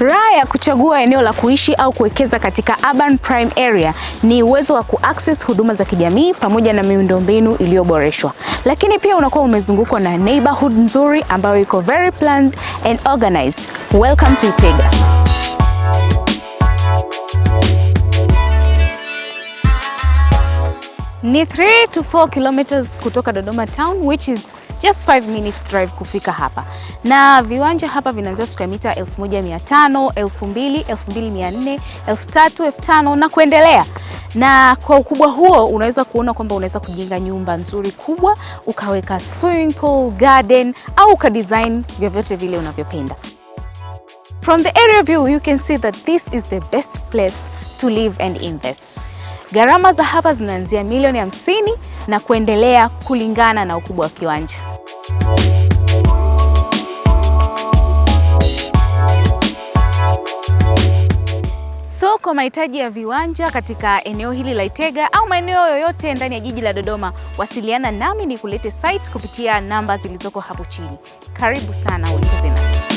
Raha ya kuchagua eneo la kuishi au kuwekeza katika urban prime area ni uwezo wa kuaccess huduma za kijamii pamoja na miundombinu iliyoboreshwa, lakini pia unakuwa umezungukwa na neighborhood nzuri ambayo iko very planned and organized. Welcome to Itega. Ni 3 to 4 kilometers kutoka Dodoma town which is just 5 minutes drive kufika hapa, na viwanja hapa vinaanzia square mita 1500, 2000, 2400, 3000, 5000 na kuendelea. Na kwa ukubwa huo unaweza kuona kwamba unaweza kujenga nyumba nzuri kubwa, ukaweka swimming pool, garden au ukadesign vyovyote vile unavyopenda. From the area view you can see that this is the best place to live and invest. Gharama za hapa zinaanzia milioni 50 na kuendelea kulingana na ukubwa wa kiwanja. So kwa mahitaji ya viwanja katika eneo hili la Itega au maeneo yoyote ndani ya jiji la Dodoma, wasiliana nami ni kulete site kupitia namba zilizoko hapo chini. Karibu sana uwekeze nasi.